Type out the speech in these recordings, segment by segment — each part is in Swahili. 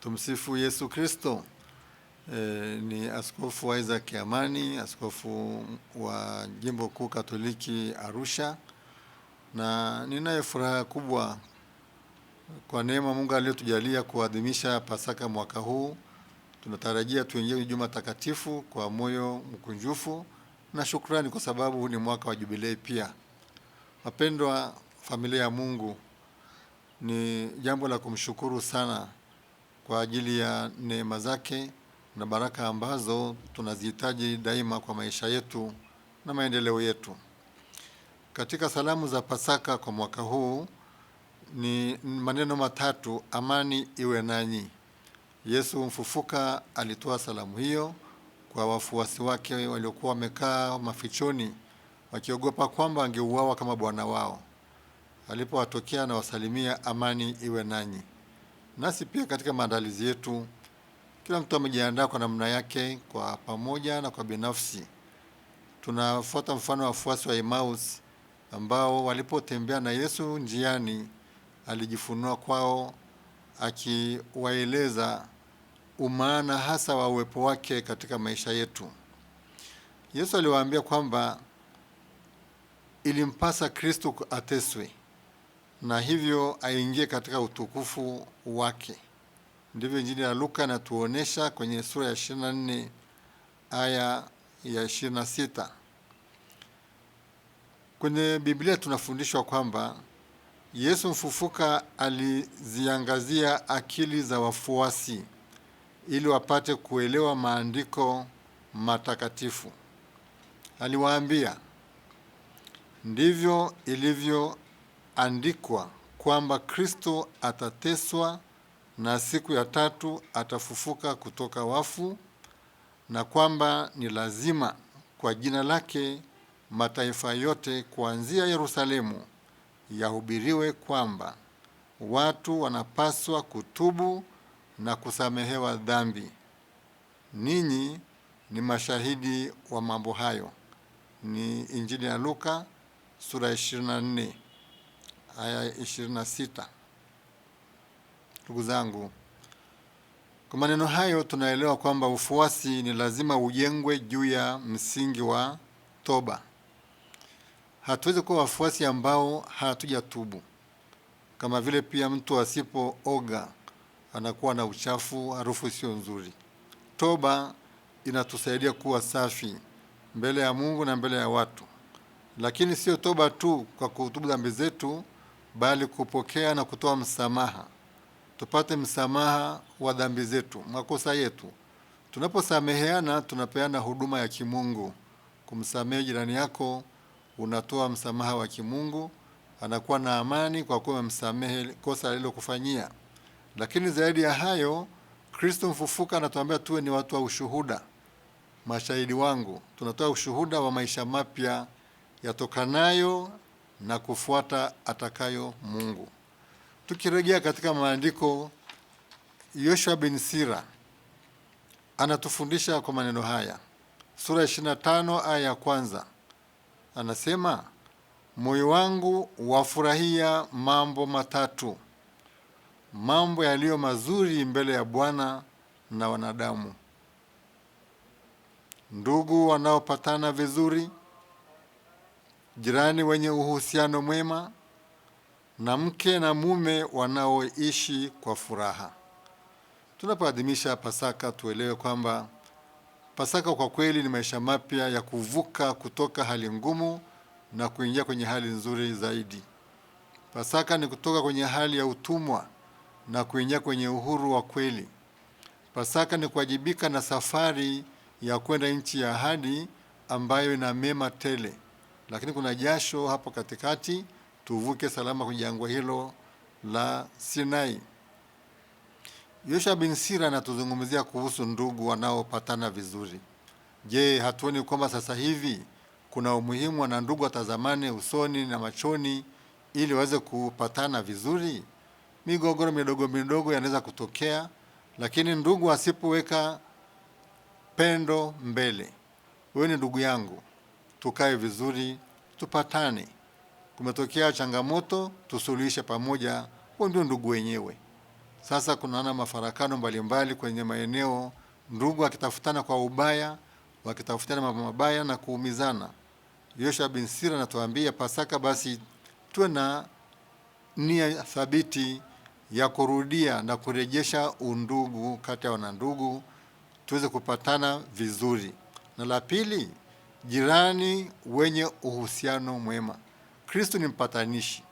Tumsifu Yesu Kristo. E, ni Askofu Isaac Amani, askofu wa Jimbo Kuu Katoliki Arusha, na ninayo furaha kubwa kwa neema Mungu aliyotujalia kuadhimisha Pasaka mwaka huu. Tunatarajia tuingie Juma Takatifu kwa moyo mkunjufu na shukrani, kwa sababu ni mwaka wa jubilei pia. Wapendwa familia ya Mungu, ni jambo la kumshukuru sana kwa ajili ya neema zake na baraka ambazo tunazihitaji daima kwa maisha yetu na maendeleo yetu. Katika salamu za Pasaka kwa mwaka huu ni maneno matatu: amani iwe nanyi. Yesu mfufuka alitoa salamu hiyo kwa wafuasi wake waliokuwa wamekaa mafichoni wakiogopa kwamba angeuawa kama Bwana wao. Alipowatokea na wasalimia, amani iwe nanyi. Nasi pia katika maandalizi yetu, kila mtu amejiandaa kwa namna yake, kwa pamoja na kwa binafsi. Tunafuata mfano wa wafuasi wa Emmaus ambao walipotembea na Yesu njiani, alijifunua kwao akiwaeleza umaana hasa wa uwepo wake katika maisha yetu. Yesu aliwaambia kwamba ilimpasa Kristo ateswe na hivyo aingie katika utukufu wake. Ndivyo Injili ya Luka inatuonesha kwenye sura ya 24 aya ya 26. Kwenye Biblia tunafundishwa kwamba Yesu mfufuka aliziangazia akili za wafuasi ili wapate kuelewa maandiko matakatifu. Aliwaambia, ndivyo ilivyo andikwa kwamba Kristo atateswa na siku ya tatu atafufuka kutoka wafu, na kwamba ni lazima kwa jina lake mataifa yote kuanzia Yerusalemu yahubiriwe kwamba watu wanapaswa kutubu na kusamehewa dhambi. Ninyi ni mashahidi wa mambo hayo. Ni Injili ya Luka sura ya 24 aya 26. Ndugu zangu, kwa maneno hayo tunaelewa kwamba ufuasi ni lazima ujengwe juu ya msingi wa toba. Hatuwezi kuwa wafuasi ambao hatujatubu, kama vile pia mtu asipooga anakuwa na uchafu, harufu sio nzuri. Toba inatusaidia kuwa safi mbele ya Mungu na mbele ya watu, lakini sio toba tu kwa kutubu dhambi zetu, bali kupokea na kutoa msamaha, tupate msamaha wa dhambi zetu, makosa yetu. Tunaposameheana tunapeana huduma ya kimungu. Kumsamehe jirani yako, unatoa msamaha wa kimungu, anakuwa na amani kwa kuwa umemsamehe kosa alilokufanyia. Lakini zaidi ya hayo, Kristo mfufuka anatuambia tuwe ni watu wa ushuhuda, mashahidi wangu. Tunatoa ushuhuda wa maisha mapya yatokanayo na kufuata atakayo Mungu. Tukirejea katika maandiko, Yoshua bin Sira anatufundisha kwa maneno haya, sura 25 aya ya kwanza, anasema moyo wangu wafurahia mambo matatu, mambo yaliyo mazuri mbele ya Bwana na wanadamu, ndugu wanaopatana vizuri jirani wenye uhusiano mwema na mke na mume wanaoishi kwa furaha. Tunapoadhimisha Pasaka, tuelewe kwamba Pasaka kwa kweli ni maisha mapya ya kuvuka kutoka hali ngumu na kuingia kwenye hali nzuri zaidi. Pasaka ni kutoka kwenye hali ya utumwa na kuingia kwenye uhuru wa kweli. Pasaka ni kuwajibika na safari ya kwenda nchi ya ahadi ambayo ina mema tele lakini kuna jasho hapo katikati, tuvuke salama kwenye jangwa hilo la Sinai. Yosha bin Sira anatuzungumzia kuhusu ndugu wanaopatana vizuri. Je, hatuoni kwamba sasa hivi kuna umuhimu na ndugu watazamane usoni na machoni ili waweze kupatana vizuri? Migogoro midogo midogo yanaweza kutokea, lakini ndugu asipoweka pendo mbele, wewe ni ndugu yangu tukae vizuri, tupatane. Kumetokea changamoto, tusuluhishe pamoja, huo ndio ndugu wenyewe. Sasa kunaona mafarakano mbalimbali kwenye maeneo, ndugu akitafutana kwa ubaya, wakitafutana mambo mabaya na kuumizana. yosha bin Sira anatuambia Pasaka basi tuwe na nia thabiti ya kurudia na kurejesha undugu kati ya wanandugu, tuweze kupatana vizuri. Na la pili, jirani wenye uhusiano mwema. Kristo ni mpatanishi.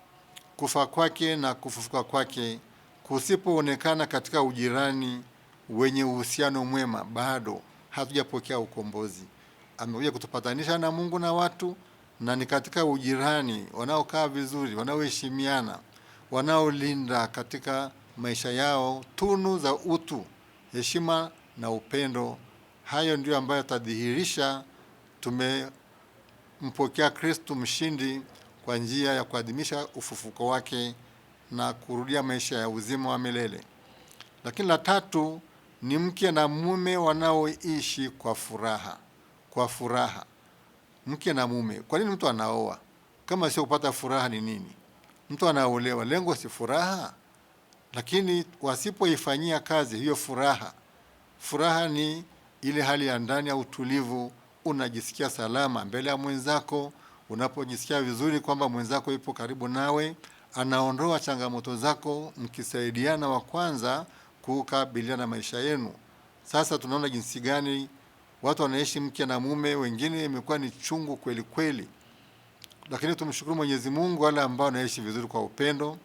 Kufa kwake na kufufuka kwake kusipoonekana katika ujirani wenye uhusiano mwema, bado hatujapokea ukombozi. Amekuja kutupatanisha na Mungu na watu, na ni katika ujirani wanaokaa vizuri, wanaoheshimiana, wanaolinda katika maisha yao tunu za utu, heshima na upendo. Hayo ndiyo ambayo yatadhihirisha tumempokea Kristo mshindi kwa njia ya kuadhimisha ufufuko wake na kurudia maisha ya uzima wa milele. Lakini la tatu ni mke na mume wanaoishi kwa furaha. Kwa furaha, mke na mume. Kwa nini mtu anaoa kama sio kupata furaha? Ni nini mtu anaolewa? Lengo si furaha? Lakini wasipoifanyia kazi hiyo furaha, furaha ni ile hali ya ndani ya utulivu unajisikia salama mbele ya mwenzako, unapojisikia vizuri kwamba mwenzako yupo karibu nawe, anaondoa changamoto zako, mkisaidiana wa kwanza kukabiliana maisha yenu. Sasa tunaona jinsi gani watu wanaishi mke na mume, wengine imekuwa ni chungu kweli kweli, lakini tumshukuru Mwenyezi Mungu, wale ambao wanaishi vizuri kwa upendo,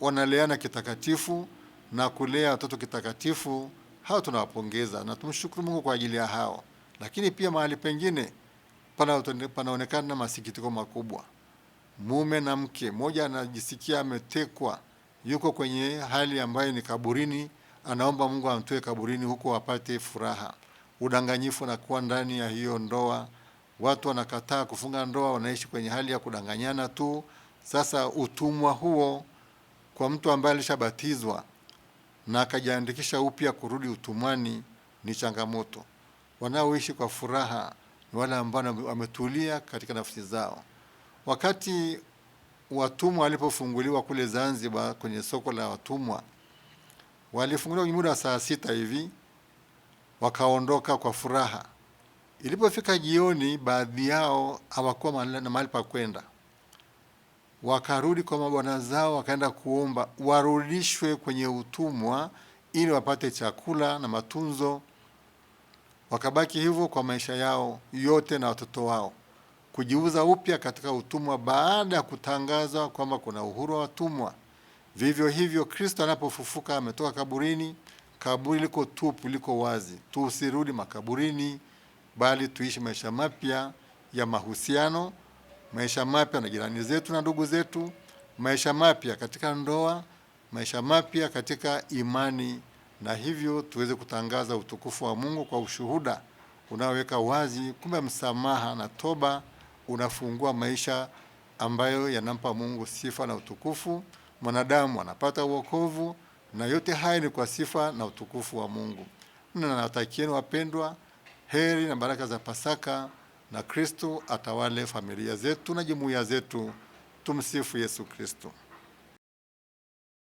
wanaleana kitakatifu na kulea watoto kitakatifu, hao tunawapongeza na tumshukuru Mungu kwa ajili ya hao. Lakini pia mahali pengine panaonekana masikitiko makubwa, mume na mke, mmoja anajisikia ametekwa, yuko kwenye hali ambayo ni kaburini, anaomba Mungu amtoe kaburini huko apate furaha. Udanganyifu unakuwa ndani ya hiyo ndoa, watu wanakataa kufunga ndoa, wanaishi kwenye hali ya kudanganyana tu. Sasa utumwa huo kwa mtu ambaye alishabatizwa na akajiandikisha upya kurudi utumwani ni changamoto. Wanaoishi kwa furaha ni wale ambao wametulia katika nafsi zao. Wakati watumwa walipofunguliwa kule Zanzibar kwenye soko la watumwa, walifunguliwa kwenye muda wa saa sita hivi, wakaondoka kwa furaha. Ilipofika jioni, baadhi yao hawakuwa na mahali pa kwenda, wakarudi kwa mabwana zao, wakaenda kuomba warudishwe kwenye utumwa ili wapate chakula na matunzo wakabaki hivyo kwa maisha yao yote na watoto wao, kujiuza upya katika utumwa baada ya kutangazwa kwamba kuna uhuru wa watumwa. Vivyo hivyo Kristo anapofufuka ametoka kaburini, kaburi liko tupu, liko wazi. Tusirudi makaburini, bali tuishi maisha mapya ya mahusiano, maisha mapya na jirani zetu na ndugu zetu, maisha mapya katika ndoa, maisha mapya katika imani na hivyo tuweze kutangaza utukufu wa Mungu kwa ushuhuda unaoweka wazi, kumbe msamaha na toba unafungua maisha ambayo yanampa Mungu sifa na utukufu, mwanadamu anapata uokovu, na yote haya ni kwa sifa na utukufu wa Mungu. Na natakieni wapendwa, heri na baraka za Pasaka na Kristo atawale familia zetu na jumuiya zetu. Tumsifu Yesu Kristo.